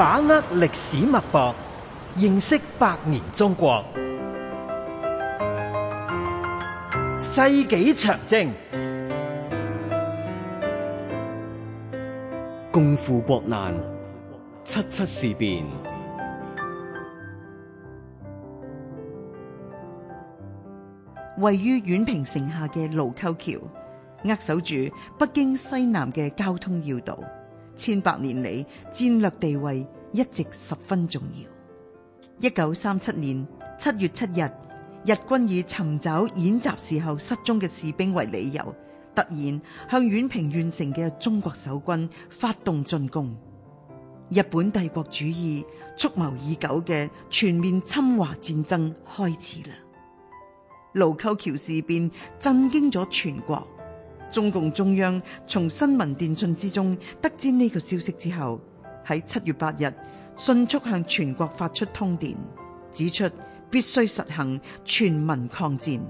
把握歷史脈搏，認識百年中國。世紀長征，共赴國難，七七事變。位於宛平城下嘅盧溝橋，扼守住北京西南嘅交通要道。千百年嚟，戰略地位一直十分重要。一九三七年七月七日，日軍以尋找演習時候失蹤嘅士兵為理由，突然向宛平縣城嘅中國守軍發動進攻。日本帝國主義蓄謀已久嘅全面侵華戰爭開始啦！盧溝橋事變震驚咗全國。中共中央從新聞電訊之中得知呢個消息之後，喺七月八日迅速向全國發出通電，指出必須實行全民抗戰。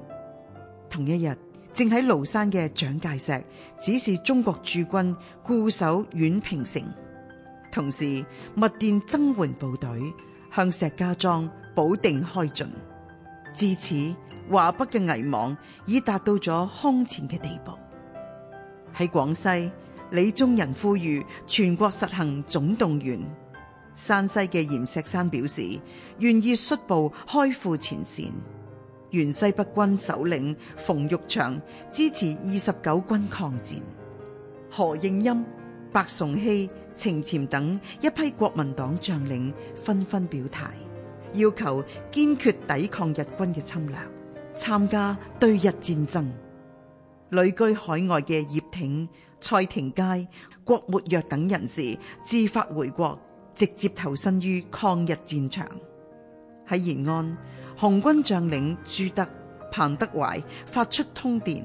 同一日，正喺廬山嘅蔣介石指示中國駐軍固守宛平城，同時密電增援部隊向石家莊、保定開進。至此，華北嘅危亡已達到咗空前嘅地步。喺廣西，李宗仁呼籲全國實行總動員；山西嘅閻錫山表示願意率部開赴前線；原西北軍首領馮玉祥祥支持二十九軍抗戰；何應欽、白崇禧、程潛等一批國民黨將領紛紛表態，要求堅決抵抗日軍嘅侵略，參加對日戰爭。旅居海外嘅葉挺、蔡廷鍇、郭沫若等人士自發回國，直接投身於抗日戰場。喺延安，紅軍將領朱德、彭德懷發出通電，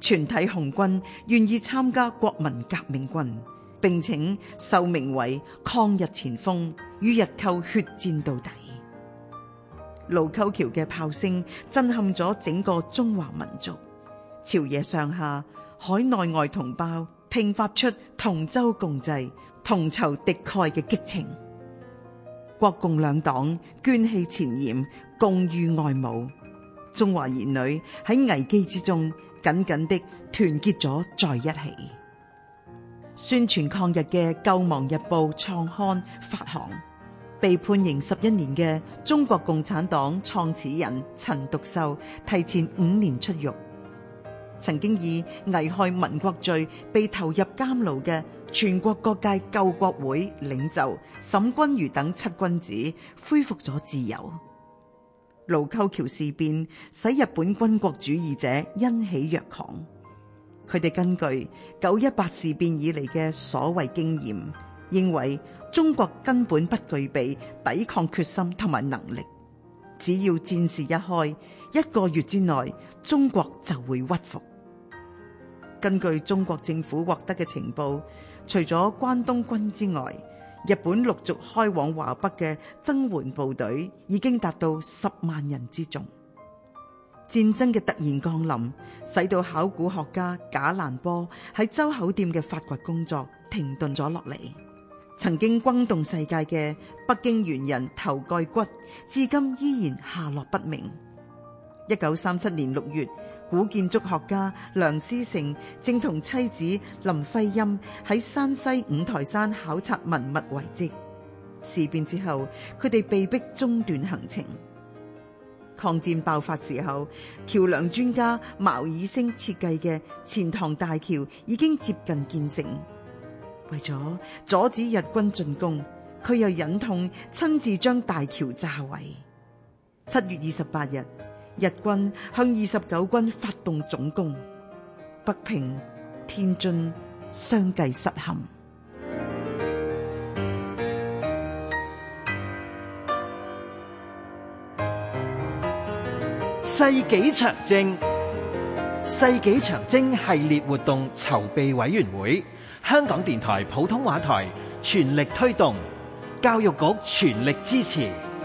全體紅軍願意參加國民革命軍，並請受命為抗日前鋒，與日寇血戰到底。盧溝橋嘅炮聲震撼咗整個中華民族。朝野上下、海內外同胞，拼發出同舟共濟、同仇敵愾嘅激情。國共兩黨捐棄前嫌，共御外侮。中華兒女喺危機之中緊緊的團結咗在一起。宣傳抗日嘅《救亡日報》創刊發行，被判刑十一年嘅中國共產黨創始人陳獨秀提前五年出獄。曾經以危害民國罪被投入監牢嘅全國各界救國會領袖沈鈞儒等七君子恢復咗自由。盧溝橋事變使日本軍國主義者欣喜若狂，佢哋根據九一八事變以嚟嘅所謂經驗，認為中國根本不具備抵抗決心同埋能力，只要戰事一開，一個月之內中國就會屈服。根據中國政府獲得嘅情報，除咗關東軍之外，日本陸續開往華北嘅增援部隊已經達到十萬人之眾。戰爭嘅突然降臨，使到考古學家賈蘭坡喺周口店嘅發掘工作停頓咗落嚟。曾經轟動世界嘅北京猿人頭蓋骨，至今依然下落不明。一九三七年六月。古建築學家梁思成正同妻子林徽因喺山西五台山考察文物遺跡。事變之後，佢哋被迫中斷行程。抗戰爆發時候，橋樑專家茅以升設計嘅錢塘大橋已經接近建成，為咗阻止日軍進攻，佢又忍痛親自將大橋炸毀。七月二十八日日軍向二十九軍發動總攻，北平、天津相繼失陷。世紀長征，世紀長征系列活動籌備委員會，香港電台普通話台全力推動，教育局全力支持。世紀長征。